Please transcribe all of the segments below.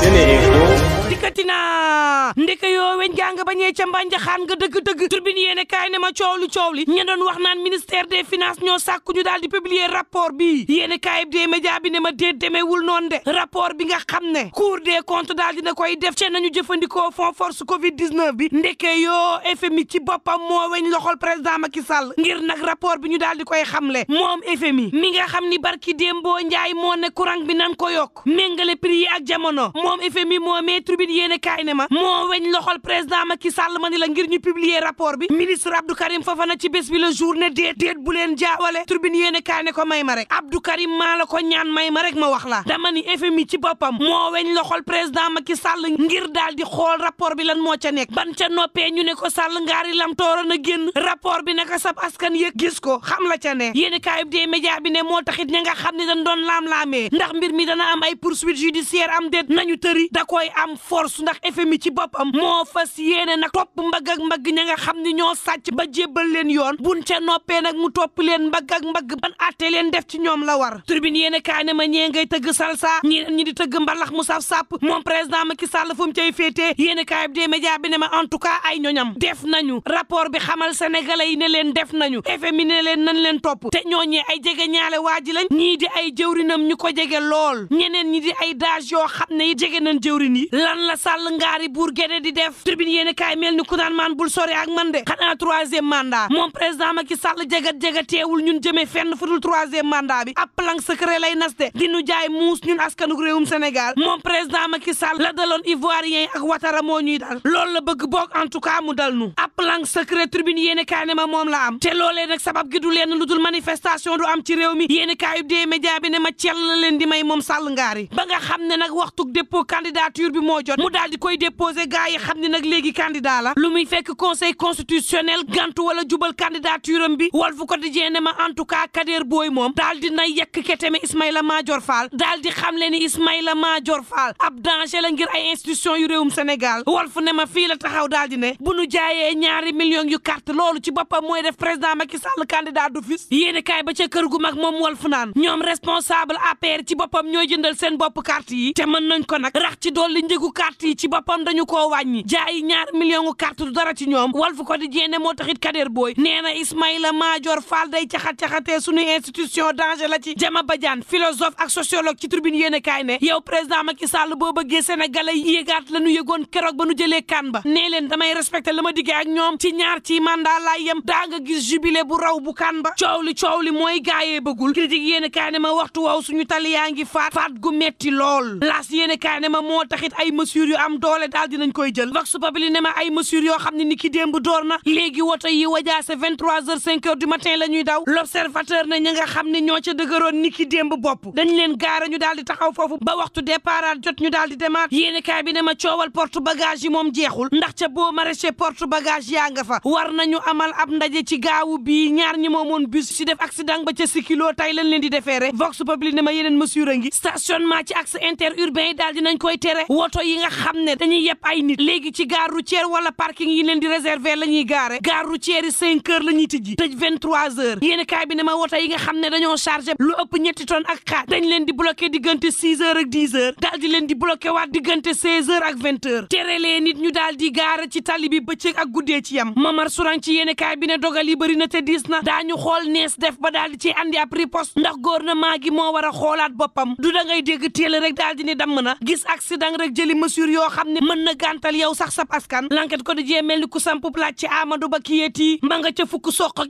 Semerengo yëkkati na ndeke yoo weñ gaa nga bañee ca mbànjaxaan nga dëgg-dëgg turbine yéene kaay ne ma coow lu coow li ña doon wax naan ministère des finances ñoo sàkku ñu daal di publier rapport bi yéene kaay bi dee média bi ne ma déet demeewul noonu de rapport bi nga xam ne cour des comptes daal dina koy def ci nañu jëfandikoo fond force covid 19 bi ndeke yoo FMI ci boppam moo weñ loxol président Macky Sall ngir nag rapport bi ñu daal di koy xamle moom FMI mi nga xam ni barki démboo njaay moo ne courant bi nan ko yokk méngale yi ak jamono moom yéene kaay ne ma moo weñ loxol président Macky Sall ma ni la ngir ñu publier rapport bi ministre Abdou Karim Fofana ci bés bi la journée déet déet bu leen jaawale tribune yéene kaay ne ko may ma rek Abdou Karim maa ko ñaan may ma rek ma wax la dama ni FMI ci boppam moo weñ loxol président Macky Sall ngir daal di xool rapport bi lan moo ca nekk ban ca noppee ñu ne ko Sall ngaari lam tooroon na génn rapport bi naka ka askan yëg gis ko xam la ca ne yéene kaay bi dee média bi ne moo taxit ña nga xam ne dañ doon laam-laamee ndax mbir mi dana am ay poursuite am déet nañu tëri da force ndax ci boppam moo fas yéene nag topp mbagg ak mbagg ña nga xam ni ñoo sàcc ba jébbal leen yoon bu ca noppee nag mu topp leen mbagg ak mbagg ban àtte leen def ci ñoom la war turbine yéene kaay ne ma ñee ngay tëgg salsa ñeneen ñi di tëgg mbalax mu saf sàpp moom président Macky Sall fu mu cay féetee yéene kaay bi dee média bi ne ma en tout cas ay ñoñam def nañu rapport bi xamal sénégalais yi ne leen def nañu FMI ne leen nañ leen topp te ñooñee ay jege ñaale waa ji ñii di ay jëwrinam ñu ko jege lool ñeneen ñi di ay daaj yoo xam ne jege nañ jëwrin yi la sàll ngaari buur géde di def tribune yéen kaay mel ni ku naan maan bul sori ak man de xanaa troisième mandat moom président Macky Sall jegat-jega teewul ñun jëmee fenn fudul troisième mandat bi ab plan secret lay nas de di nu jaay muus moom président Macky Sall la daloon ivoirien ak watara moo ñuy dal loolu la bëgg boog en tout cas mu dal nu ab plan secret tribune yéen kaay ne ma moom la am te loolee nag sabab bi ne ma cell leen di may moom sàll ngaari ba nga xam ne nag waxtuk dépôt candidature bi moo jot mu daal di koy déposé gars yi xam ni nag léegi candidat la lu muy fekk conseil constitutionnel gantu wala jubal candidature am bi Walf Quotidien ne ma en tout cas Kader Boye moom daal di na yekk keteme Ismaïla Madior Fall daal di xam leen ni Ismaïla Madior Fall ab danger la ngir ay institution yu réewum Sénégal fu ne ma fii la taxaw daal di ne bu nu jaayee ñaari millions yu carte loolu ci boppam mooy def président Macky Sall candidat d'office yéene kaay ba ca kër gu mag moom Walf naan ñoom responsable APR ci boppam ñooy jëndal seen bopp carte yi te mën nañ ko nag carte yi ci boppam dañu koo wàññi jaayi ñaar million u carte du dara ci ñoom Walf Quotidien ne moo taxit Kader Boy nee na Ismaïla Madior Fall day caxat-caxatee suñu institution danger la ci Jama Badiane philosophe ak sociologue ci tribune yéene kaay ne yow président Macky Sall boo bëggee sénégalais yi yëgaat la ñu yëgoon keroog ba nu jëlee kan ba nee leen damay respecté la ma ñoom ci ñaar ci mandat laay yem daa nga gis jubilé bu raw bu kan ba coow li coow li mooy gaayee bëggul critique yéene kaay ne ma waxtu waaw suñu tali yaa ngi faat faat gu metti lool laas yéene kaay ma moo taxit ay mesures mesures yu am doole koy jël vox populi ne ma ay mesures yoo xam ne ni ki démb door na léegi woto yi wajaase 23 heures 5 heures du matin la ñuy daw l'observateur ne ña nga xam ne ñoo ca dëgëroon ni ki démb bopp dañ leen gaara ñu daal di taxaw foofu ba waxtu départ jot ñu daal di demaat yéeni kaay bi ne ma coowal porte bagage yi moom jeexul ndax ca boo maraîcher porte bagage yaa nga fa war ñu amal ab ndaje ci gaawu bii ñaar ñi moom moomoon bus si def accident ba ca kilo tay lañ leen di defeere vox populi ne ma yeneen mesure a ngi stationnement ci axe interurbain yi daal dinañ koy tere woto yi xam ne dañuy yeb ay nit léegi ci gare ceer wala parking yi leen di réserver la ñuy gaare gare routière yi cinq heures la ñuy tijji tëj vingt-trois heures yéen kaay bi ne ma woto yi nga xam ne dañoo chargé lu ëpp ñetti tonnes ak xaaj dañ leen di bloqué diggante six heures ak dix heures daal di leen di bloqué waat diggante seize heures ak vingt heures terelee nit ñu daal di gaare ci tali bi bëccëg ak guddee ci yam mamar surang ci yéen kaay bi ne dogal yi bëri na te diis na daañu xool nees def ba daal di ci andi ab riposte ndax gouvernement gi moo war a xoolaat boppam du da ngay dégg téel rek daal di ne damm na gis accident rek jëli mesure yoo xam ne mën na gàntal yow sax sab askan ko di jee mel ni ku samp laaj ci Amadou Ba kiyétii ma nga ca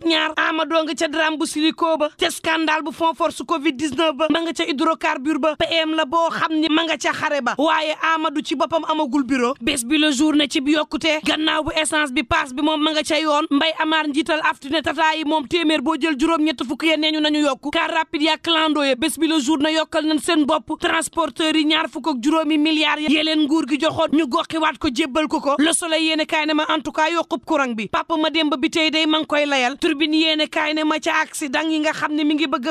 ñaar Amadou nga ca bu siliko ba ca scandale bu fond force covid 19 ba ma nga ca ba PM la boo xam ne ma xare ba waaye Amadou ci boppam amagul bureau bés bi le jour ne ci bi yokkutee gannaaw bu essence bi paas bi moom ma yoon Mbaye Amar njiital aftu ne moom téeméer boo jël juróom-ñett fukk ya neeñu nañu yokku car rapide ya clando ya bi le jour na yokkal nguur gi joxoon ñu goxiwaat ko jébbal ko ko le soleil ngi koy layal turbine yéen kaay ne ma ca accident yi nga xam ne mi ngi bëgg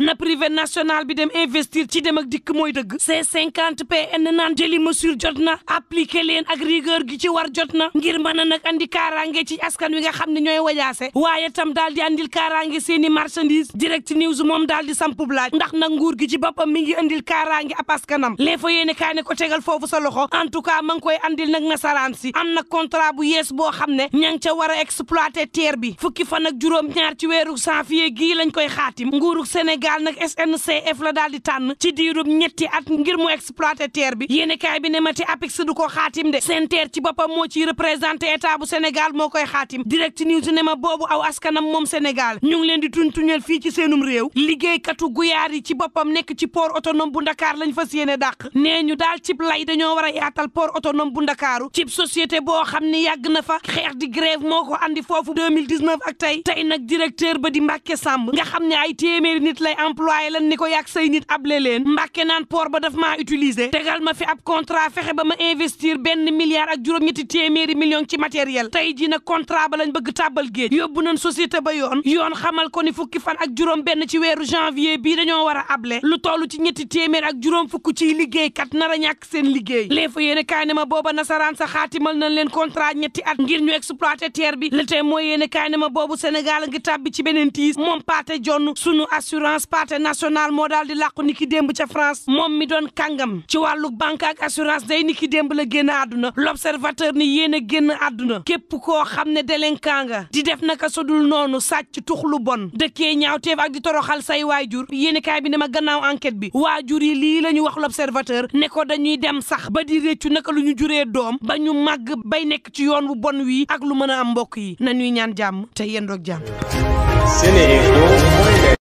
na privé national bi dem investir ci dem dikk mooy dëgg C50 PN naan jëli mesure jot na appliqué leen ak gi ci war jot na ngir mën a nag andi kaaraange wi nga xam ne ñooy wajaase waaye tam daal di andil kaaraange seeni marchandise direct news moom daal di sampublaaj ndax nag nguur gi ci boppam mi ngi andil kaaraange ngi ab askanam les fa yéene kaay ne ko tegal foofu sa loxo en tout cas ma ngi koy andil nag nasaraan si am na contrat bu yees boo xam ne ña ngi ca war a exploiter terre bi fukki fan ak juróom-ñaar ci weeru janvier gii lañ koy xaatim nguurug Sénégal nag SNCF la daal di tànn ci diirub ñetti at ngir mu exploiter terre bi yéene kaay bi ne ma ti APEX du ko xaatim de seen ci boppam moo ci représenté état bu Sénégal moo koy xaatim direct news ne ma boobu aw askanam moom Sénégal ñu ngi leen di tuñ fii ci seenum réew liggéeykatu guyaar yi ci boppam nekk ci port autonome lañ fa yéene dàq nee ñu daal cib lay dañoo war a yaatal port otonom bu ndakaaru cib société boo xam ni yàgg na fa xeex di grève moo ko andi foofu 2019 ak tey tey nag directeur ba di Mbàkke Sàmb nga xam ne ay téeméeri nit lay employé lan ni ko yàgg say nit able leen Mbàkke naan port ba daf ma utiliser tegal ma fi ab contrat fexe ba ma investir benn milliard ak juróom-ñetti téeméeri million ci matériel tey ji nag contrat ba lañ bëgg tàbbal géej yóbbu nañ ba yoon yoon xamal ko ni fukki fan ak juróom benn ci weeru janvier bii dañoo war a able lu toll ci ñetti téeméer ak juróom fukk ciy liggéeykat nar ñàkk seen liggéey léefa yéene kaay ne ma booba nasaraan sa xaatimal nañ leen contrat ñetti at ngir ñu exploité terre mooy yéene kaay ne ma boobu Sénégal ngi tàbbi ci beneen tiis moom paate jonn sunu assurance paate national moo daal di làqu ni ki démb ca France moom mi doon kàngam ci wàllu banque ak assurance day ni ki démb la génn àdduna l'observateur ni yéen a génn àdduna képp koo xam ne délinquant nga di def naka sodul noonu sàcc tux lu bon dëkkee ñaawteef ak di toroxal say waajur yéene kaay bi ne ma gannaaw enquête bi waajur yi lii la ñu wax l'observateur ne ko dañuy dem sax ba di reccu naka lu ñu juree doom ba ñu màgg bay nekk ci yoon wu bon wii ak lu mën a am mbokk yi nañuy ñaan jàmm te yendoog jàmm